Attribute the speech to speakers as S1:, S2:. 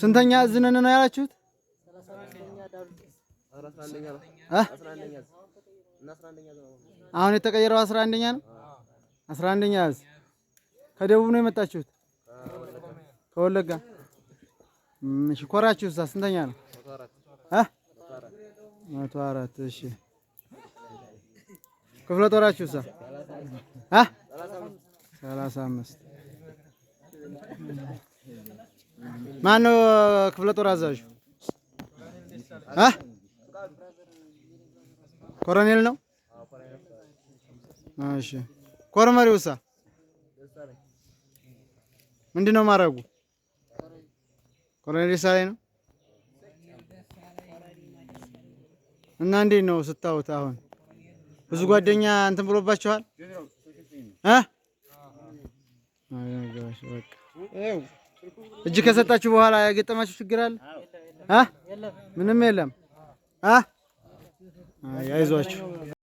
S1: ስንተኛ እዝንን ነው ያላችሁት? አሁን የተቀየረው አስራ አንደኛ ነው። አስራ አንደኛ ከደቡብ ነው የመጣችሁት? ከወለጋ። ኮራችሁ እዛ ስንተኛ ነው? መቶ አራት እሺ። ክፍለ ጦራችሁ እዛ አ ሰላሳ አምስት ማን ነው ክፍለ ጦር አዛዡ? አ ኮሎኔል ነው። እሺ ኮር መሪውሳ ምንድን ነው ማድረጉ? ኮሎኔል ደሳለኝ ነው። እና እንዴት ነው ስታዩት? አሁን ብዙ ጓደኛ እንትን ብሎባችኋል? እጅ ከሰጣችሁ በኋላ ያገጠማችሁ ችግር አለ? ምንም የለም። አይዟችሁ።